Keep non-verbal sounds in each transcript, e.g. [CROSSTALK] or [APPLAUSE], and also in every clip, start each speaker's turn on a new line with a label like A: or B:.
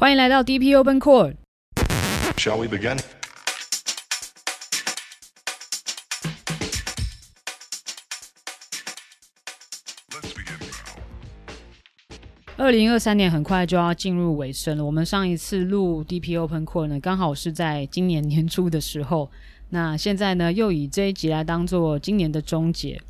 A: 歡迎來到 DP Open Court。Shall
B: we begin? Let's begin。
A: 二零二三年很快就要進入尾聲了。我們上一次錄 DP Open Court 呢，剛好是在今年年初的時候。那現在呢，又以這一集來當做今年的終結。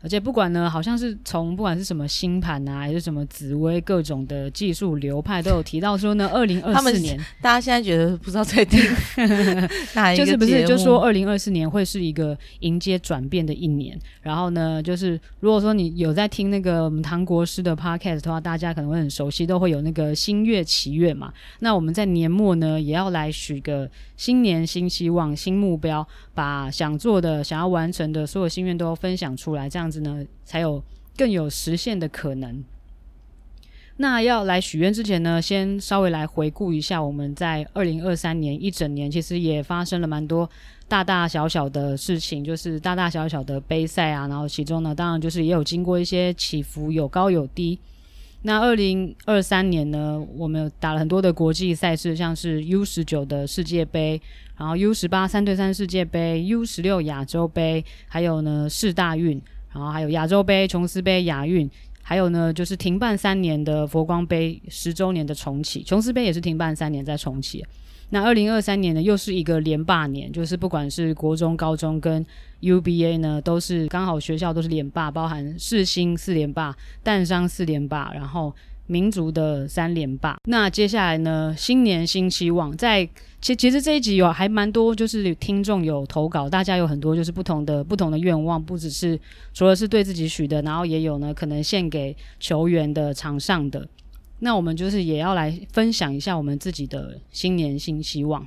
A: 而且不管呢，好像是從不管是什麼星盤啊，還是什麼紫微各種的技術流派，都有提到說呢，二零二四年大家現在覺得不知道在聽 [LAUGHS] [LAUGHS] 哪一個節目？就是不是就是說二零二四年會是一個迎接轉變的一年。然後呢，就是如果說你有在聽那個我們唐國師的 podcast 的話，大家可能會很熟悉，都會有那個新月祈願嘛。那我們在年末呢，也要來許個新年新希望、新目標，把想做的、想要完成的所有心願都分享出來，這樣。這樣子呢，才有更有實現的可能。那要來許願之前呢，先稍微來回顧一下我們在二零二三年一整年，其實也發生了蠻多大大小小的事情，就是大大小小的杯賽啊。然後其中呢，當然就是也有經過一些起伏，有高有低。那二零二三年呢，我們有打了很多的國際賽事，像是 U 十九的世界杯，然後 U 十八三對三世界杯，U 十六亞洲杯，還有呢世大運，然後還有亞洲杯、瓊斯杯、亞運，還有呢，就是停辦三年的佛光杯十周年的重啟，瓊斯杯也是停辦三年再重啟。那二零二三年呢，又是一個連霸年，就是不管是國中、高中跟 UBA 呢，都是剛好學校都是連霸，包含世新四連霸、淡商四連霸，然後。民族的三連霸。那接下來呢？新年新希望，在其其實這一集有還蠻多，就是聽眾有投稿，大家有很多就是不同的不同的願望，不只是除了是對自己許的，然後也有呢可能獻給球員的、場上的。那我們就是也要來分享一下我們自己的新年新希望。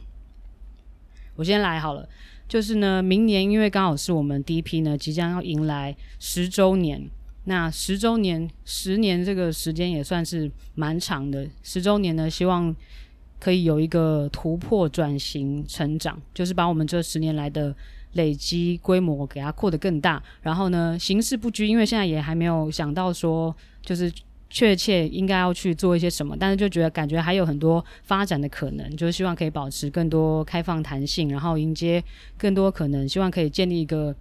A: 我先來好了，就是呢，明年因為剛好是我們 DP 呢即將要迎來十周年。那十週年，十年這個時間也算是蠻長的。十週年呢，希望可以有一個突破、轉型、成長，就是把我們這十年來的累積規模給它擴得更大。然後呢，形式不拘，因為現在也還沒有想到說，就是確切應該要去做一些什麼，但是就覺得感覺還有很多發展的可能，就是希望可以保持更多開放彈性，然後迎接更多可能。希望可以建立一個。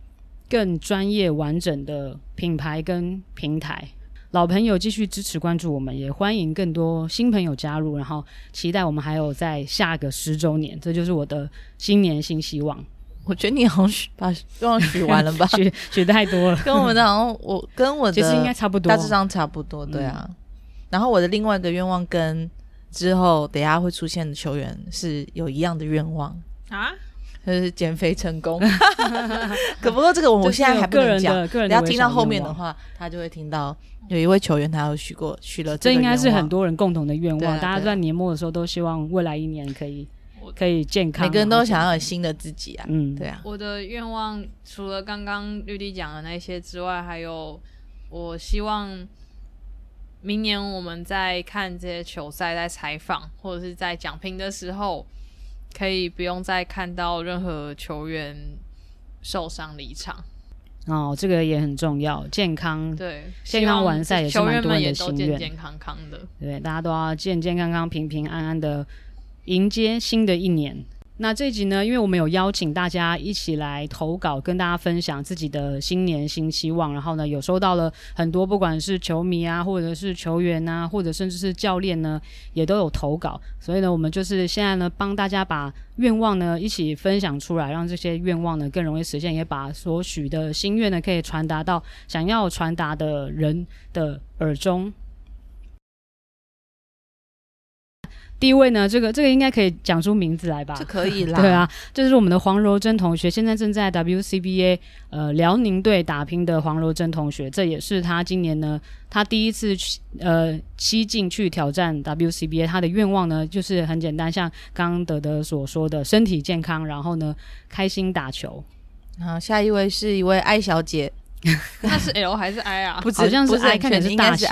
A: 更專業完整的品牌跟平台，老朋友繼續支持關注我們，也歡迎更多新朋友加入，然後期待我們還有在下個十周年，這就是我的新年新希望。我覺得你好像許把
B: 願望許完了吧？許
A: [LAUGHS] 許太多了，跟我的好像
B: 我跟我的其實應該差不多，大致上差不多，嗯，對啊。然後我的另外一個願望跟之後等下會出現的球員是有一樣的願望啊。就是減肥成功， [LAUGHS] 可不過這個我們現在還不能講。你要聽到後面的話，他就會聽到
A: 有一位球員他有許過許了這，這應該是很多人共同的願望，對啊對啊。大家在年末的時候都希望未來一年可以可以健康，啊，每個人都想要有新的自己啊。啊嗯，對啊。我
C: 的願望除了剛剛綠地講的那些之外，還有我希望明年我們在看這些球賽，在採訪或者是在講評的時候，可以不用再看到任何球員受傷離場
A: 哦，這個也很重要，健康，對健康完賽也是蠻多人的心願，球員們也都健
C: 健康康的，
A: 對，大家都要健健康康、平平安安的迎接新的一年。那這一集呢，因為我們有邀請大家一起來投稿，跟大家分享自己的新年新希望。然後呢，有收到了很多，不管是球迷啊，或者是球員啊，或者甚至是教練呢，也都有投稿。所以呢，我們就是現在呢，幫大家把願望呢一起分享出來，讓這些願望呢更容易實現，也把所許的心願呢可以傳達到想要傳達的人的耳中。第一位呢，這個這個應該可以講出名字來吧？這可以啦。 [LAUGHS] 對啊，就是我們的黃柔珍同學，現在正在 WCBA 呃遼寧隊打拼的黃柔珍同學，這也是她今年呢她第一次呃西進去挑戰 WCBA，她的願望呢就是很簡單，像剛剛德德所說的，身體健康，然後呢開心打球。好，下一位是一位艾小姐。
C: 他 [LAUGHS] 是 L 還是 I 啊？不只，好像是 I，是 I
B: 看你的大小，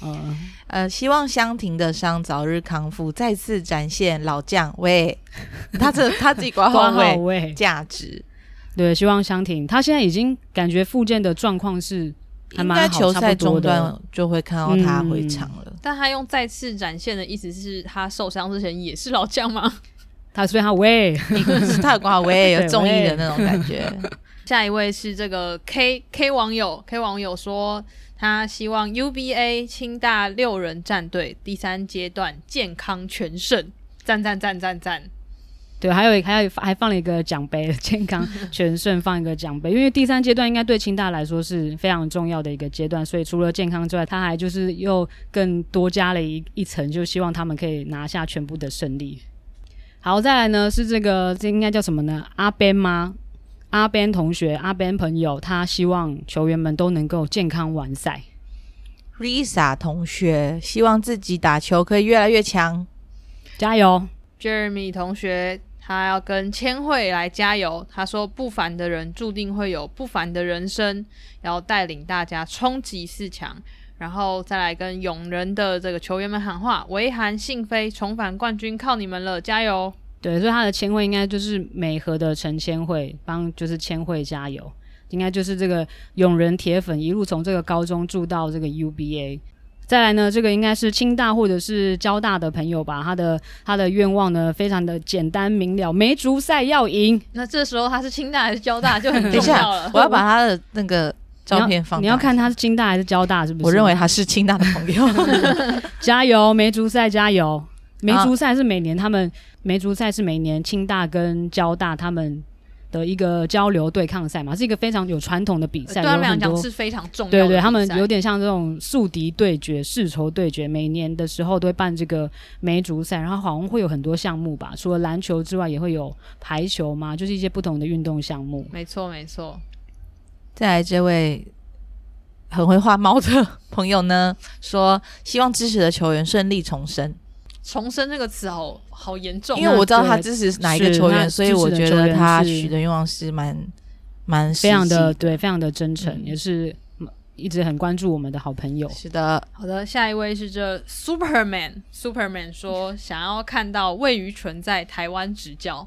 B: 呃。呃，希望香婷的傷早日康復，呃，再次展
A: 現老將喂， [LAUGHS] 他這他自己掛好喂，價值。對，希望香婷，他現在已經感覺復健的狀況是還蠻好，應該球賽中段就會看到他回場了，嗯。
C: 但他用再次展現的意思是他受傷之前也是老將嗎？
A: 他雖然他喂 [LAUGHS] 是他掛味 [LAUGHS] 有綜藝的那種感
C: 覺。 [LAUGHS] 下一位是這個 K K 網友，K 網友說他希望 U B A 清大六人戰隊第三階段健康全勝，讚讚讚讚讚！
A: 對，還有還有還放了一個獎杯，健康全勝放一個獎杯， [LAUGHS] 因為第三階段應該對清大來說是非常重要的一個階段，所以除了健康之外，他還就是又更多加了一一層，就希望他們可以拿下全部的勝利。好，再來呢是這個這應該叫什麼呢？阿編嗎？阿 Ben 同學、阿 Ben 朋友，他希望球員們都能夠健康完賽。Lisa 同學希望自己打球可以越來越強，加
B: 油
C: ！Jeremy 同學他要跟千惠來加油，他說不凡的人注定會有不凡的人生，要帶領大家衝擊四強，然後再來跟永仁的這個球員們喊話，維韓信飛重返冠軍靠你們了，加油！
A: 對，所以他的千惠應該就是美和的陳千惠，幫就是千惠加油，應該就是這個永仁鐵粉一路從這個高中住到這個 UBA，再來呢，這個應該是清大或者是交大的朋友吧，他的他的願望呢非常的簡單明了，梅竹賽要贏。那這時候他是清大還是
C: 交
B: 大就很重要了。 [LAUGHS] 我要把他
A: 的那個照片放 [LAUGHS] 你，你要看他是清大還是交大是不是？我認為他是清大的朋友， [LAUGHS] [LAUGHS] 加油，梅竹賽加油。梅竹賽是每年他們梅竹賽是每年清大跟交大他們的一個交流對抗賽嘛，是一個非常有傳統的比賽，對他們來講是非
C: 常重要。對對，他們有點
A: 像這種宿敵對決、世仇對決，每年的時候都會辦這個梅竹賽，然後好像會有很多項目吧，除了籃球之外，也會有排球嘛，就是一些不同的運動項目。沒錯沒錯。再來這位很會畫貓的
B: 朋友呢，說希望支持的球員順利重生。
C: 重生這個詞好好嚴重，啊，因為我知道他支持哪一個球員，
A: 員，所以我覺得他許的願望是蠻蠻非常的，對，非常的真誠，嗯，也是一直很關注我們的好朋友。是的，
C: 好的，下一位是這 Superman，Superman Superman 說想要看到魏於淳在台灣執教。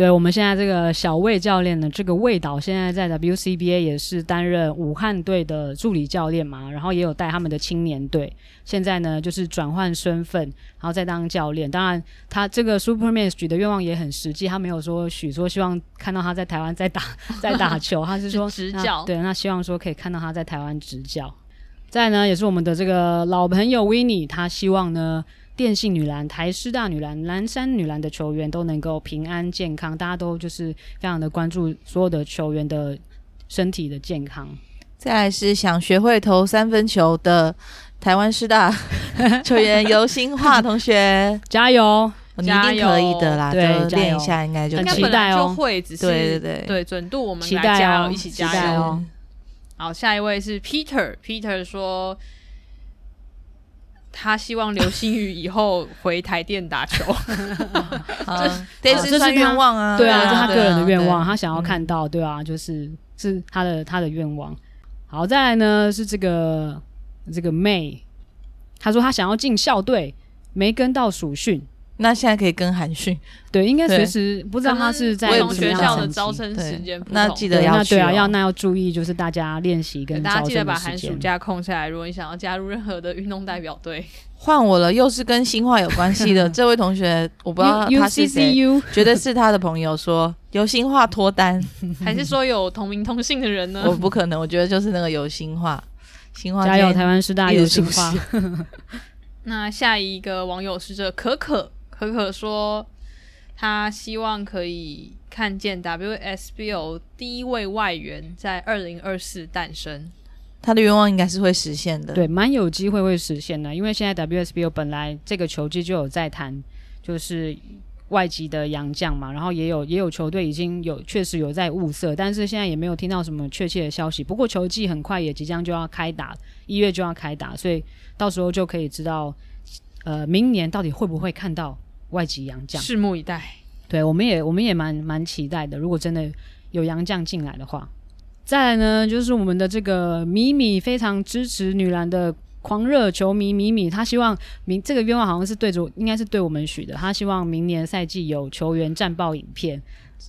A: 對，我們現在這個小魏教練呢，這個魏導現在在 WCBA 也是擔任武漢隊的助理教練嘛，然後也有帶他們的青年隊。現在呢，就是轉換身份，然後再當教練。當然，他這個 Superman 許的願望也很實際，他沒有說許說希望看到他在台灣在打在打球，呵呵，他是說是執教。對，那希望說可以看到他在台灣執教。再呢，也是我們的這個老朋友 Winnie，他希望呢，電信女籃、台師大女籃、南山女籃的球員都能夠平安健康，大家都就是非常的關注所有的球員的身體的健康。
B: 再來是想學會投三分球的台灣師大 [LAUGHS] 球員游欣樺同學， [LAUGHS] 加油！你一定可以的啦，多練一下應該就。很、嗯、期待哦、喔。會，只是對對對，對準度我們來加油，喔、一起加油、喔。
C: 好，下一位是 Peter，Peter Peter 說。他希望劉星宇以後回台電打球
A: [LAUGHS] 這 [LAUGHS] 是這是願望啊，對啊，這是他個人的願望，他想要看到，對啊，就是是他的他的願望。好，再來呢是這個這個妹，他說他想要進校隊，沒跟到暑訓。那現在可以跟韓訊對，應該隨時不知道他是在不同學校的招生時間。那記得要去，哦，對，對啊，要那要注意，就是大家練習跟的大家記得把寒暑
C: 假空下來。如果你想要加入任何的運動代表隊，
A: 換我了，又是跟欣樺有關係的 [LAUGHS] 這位同學，
B: 我不知道 u, UCCU? 他 c u 覺得是他的朋友說游欣樺脫單， [LAUGHS] 還是說
C: 有同名同姓的人呢？我不
B: 可能，我覺得就是那個游欣樺，欣樺加油！台灣師大游欣樺。
C: [LAUGHS] 那下一個網友是這可可，可可說，他希望可以看見 WSBL 第一位外援在二零二四誕生。
A: 他的願望應該是會實現的，對，蠻有機會會實現的，因為現在 WSBL 本來這個球季就有在談，就是外籍的洋將嘛，然後也有也有球隊已經有確實有在物色，但是現在也沒有聽到什麼確切的消息。不過球季很快也即將就要開打，一月就要開打，所以到時候就可以知道，呃，明年到底會不會看到。外籍洋將，拭目以待。對，我們也我們也蠻蠻期待的。如果真的有洋將進來的話，再來呢，就是我們的這個米米，非常支持女籃的狂熱球迷米米，她希望明這個願望好像是對着，應該是對我們許的。她希望明年賽季有球員戰報影片。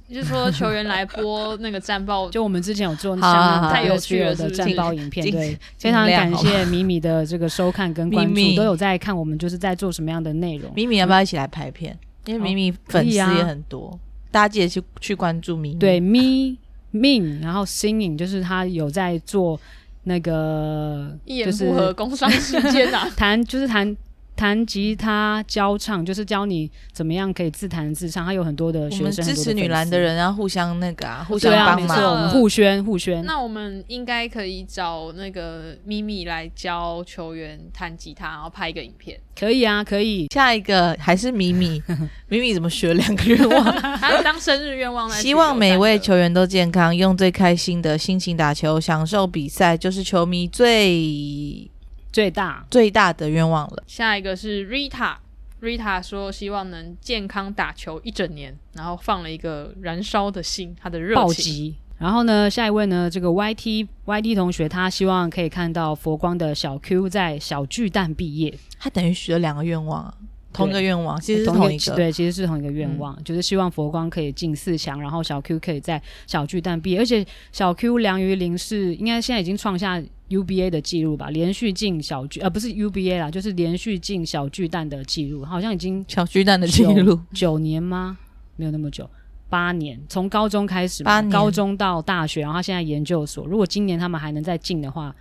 C: 就是說球員來播那個
A: 戰報， [LAUGHS] 就我們之前有做那些太有趣了的戰報影片，好啊好啊，是是對，非常感謝米米的這個收看跟關注咪咪，都有在看我們就是在做什麼樣的內容。米米要不要一起來拍片？嗯、因為米米粉絲也很多，大家記得去、啊、去關注米。對米 e 然後 Singing，就是他有在做那個，就是和合攻時間啊，談 [LAUGHS] 就是談。彈吉他教唱，就是教你怎麼樣可以自彈自唱。他有很多的學生，我們支持女籃的人啊，互相那個啊，互相幫忙。對啊，沒錯，嗯，我們互宣互宣，互
C: 宣。那我們應該可以找那個咪咪來教球員彈吉他，然後拍一個影片。
B: 可以啊，可以。下一個還是咪咪？ [LAUGHS] 咪咪怎麼學兩個願望？ [LAUGHS] [LAUGHS] 還
C: 是當生日願望來。希望
B: 每位球員都健康，用最開心的心情打球，享受比賽，就是球迷最。最大最大的願望了。
C: 下一個是 Rita，Rita Rita 說希望能健康打球一整年，然後放了一個燃燒的心，他的熱情，暴擊，
A: 然後呢，下一位呢，這個 YT YT 同學，他希望可以看到佛光的小 Q 在小巨蛋畢業。他等於許了兩個願望，同一個願望，其實是同一個，同一個，對，其實是同一個願望，嗯，就是希望佛光可以進四強，然後小 Q 可以在小巨蛋畢業，而且小 Q 梁於麟是應該現在已經創下。UBA 的記錄吧，連續進小巨呃不是 UBA 啦，就是連續進小巨蛋的記錄，好像已經9，小巨蛋的記錄九年嗎？沒有那麼久，八年，從高中開始嘛，高中到大學，然後他現在研究所。如果今年他們還能再進的話，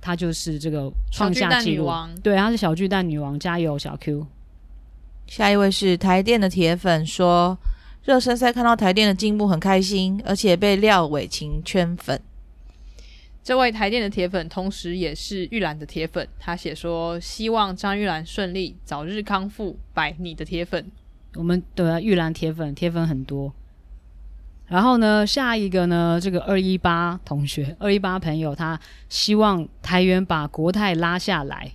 A: 她就是這個創下紀錄。對，她是小巨蛋女王，加油小 Q。下一位是
B: 台電的鐵粉說，熱身賽看到台電的進步很開心，而且被廖偉琴圈粉。
C: 這位台電的鐵粉，同時也是玉蘭的鐵粉，他寫說希望張玉蘭順利，早日康復。白你的鐵粉，
A: 我們的玉蘭鐵粉，鐵粉很多。然後呢，下一個呢，這個二一八同學，二一八朋友，他希望台元把國泰拉下來。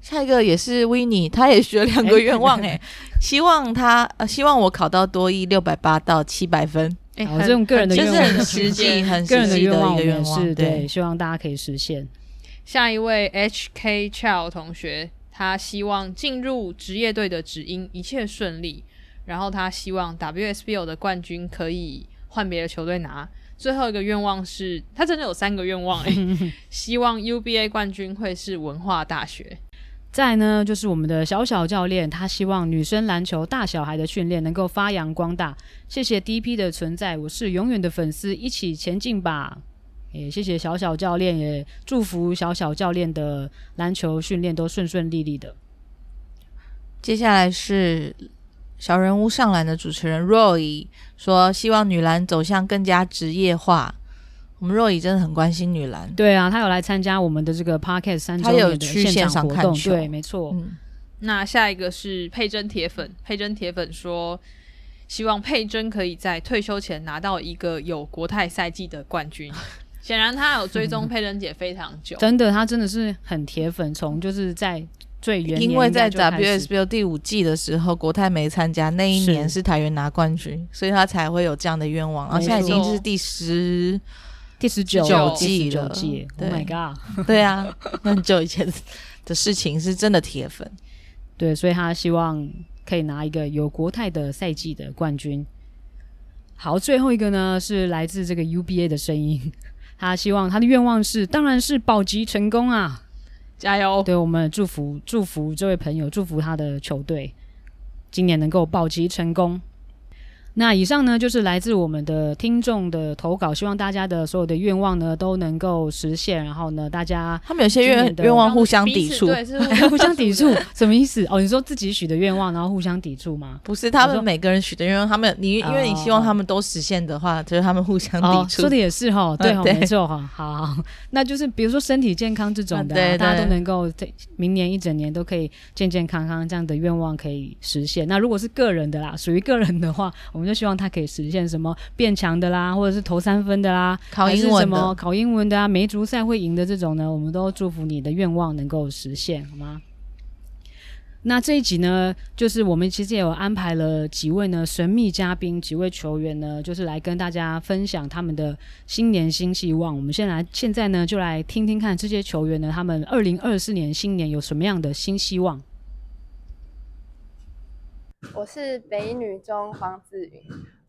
B: 下一個也是 Winnie 他也許了兩個願望、欸，誒， [LAUGHS] 希望他，呃，希望我考到多益六百八到七百分。我是用個人的望，就是很實際、很實際的一個願望。對，對，希
A: 望大家可以實現。
C: 下一位 HK Chao 同學，他希望進入職業隊的指引一切順利，然後他希望 WSBL 的冠軍可以換別的球隊拿。最後一個願望是，他真的有三個願望誒、欸， [LAUGHS] 希望 UBA 冠軍會是
A: 文化大學。再呢，就是我們的小小教練，他希望女生籃球大小孩的訓練能夠發揚光大。謝謝 DP 的存在，我是永遠的粉絲，一起前進吧！也謝謝小小教練，也祝福小小教練的籃球訓練都順順利利的。接下來是
B: 小人物上籃的主持人 Roy 說，希望女籃走向更加職業
A: 化。我們若已真的很關心女籃，對啊，她有來參加我們的這個 podcast 三週年的現場活動，她有去線上看球，對，沒錯，嗯。
C: 那下一個是佩珍鐵粉，佩珍鐵粉說，希望佩珍可以在退休前拿到一個有國泰賽季的冠軍。顯 [LAUGHS] 然她有追蹤佩珍姐非常久，嗯，真的，
A: 她真的是很鐵粉，從就是在最原因為在 W S B 第五季的時候國泰沒
B: 參加，那一年是台元拿冠軍，所以她才會有這樣的願望。而現在已經是第
A: 十。19, 第十九季了，Oh my God！對啊， [LAUGHS] 那很久以前的事情是真的鐵粉，對，所以他希望可以拿一個有國泰的賽季的冠軍。好，最後一個呢是來自這個 UBA 的聲音，他希望他的願望是，當然是保級成功啊！加油！對，我們祝福祝福這位朋友，祝福他的球隊今年能夠保級成功。那以上呢，就是來自我們的聽眾的投稿，希望大家的所有的願望呢都能夠實現。然後呢，大家他們有些願願望互相抵觸，對，是互相抵觸， [LAUGHS] 什麼意思？哦，你說自己許的願望，然後互相抵觸嗎？不是，他們說每
B: 個人許的願望，他們你因為你希望他們都實現的話，哦、就是他們互相抵觸、哦。說的也是哈、啊，對，沒錯哈。
A: 好，好，那就是比如說身體健康這種的、啊，對對，大家都能夠在明年一整年都可以健健康康，這樣的願望可以實現。那如果是個人的啦，屬於個人的話，我們。我們就希望他可以實現什麼變強的啦，或者是投三分的啦，考英文的，考英文的啊，梅竹賽會贏的這種呢，我們都祝福你的願望能夠實現，好嗎？那這一集呢，就是我們其實也有安排了幾位呢神秘嘉賓，幾位球員呢，就是來跟大家分享他們的新年新希望。我們先來現在呢，就來聽聽看這些球員呢，他們二零二四年新年有什麼樣的新希望。
B: 我是北一女中黃子芸，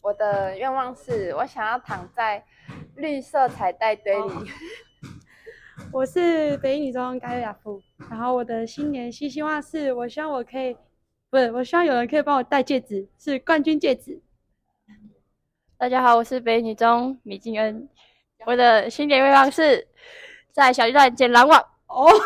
B: 我的願望是我想要躺在綠色彩帶堆裡。Oh. [LAUGHS] 我是北一女中旮幼亞
C: 馥， [LAUGHS] 然後我的新年新希望是我希望我可以，不是，我希望有人可以幫我戴
B: 戒指，是冠軍戒指。 [LAUGHS] 大家好，我是北一女中米靖恩，我的新年願望是在小巨蛋撿籃網。哦，的，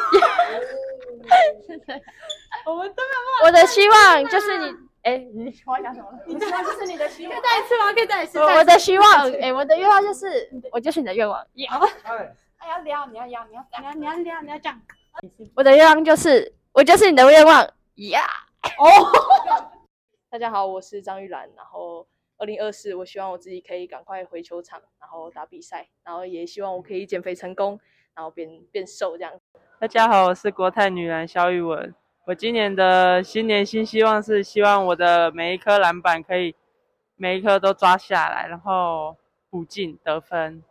B: 我們
A: 有的。
C: 我的希望就是你。
B: [LAUGHS] 你我要講什麼？你希望就是你的希望，可以再來一次嗎？
A: 可以再來一次，再一次我的希望，
B: 哎，欸，我的願望就是，我就是你的願望。好，yeah. 吧，yeah. 哎，哎呀，你要你要你要你你
A: 要你要，你要，你要這樣 [LAUGHS] 我的願望就是，我就是你的願
B: 望。呀，哦。大家好，我是張聿嵐。然後，二零二四，我希望我自己可以趕快回球場，然後打比賽，然後也希望我可以減肥成功，然後變變瘦這樣。大家好，我是國泰女籃蕭豫玟。我今年的新年新希望是希望我的
C: 每一顆籃板可以，每一顆都抓下來，然後補進得分。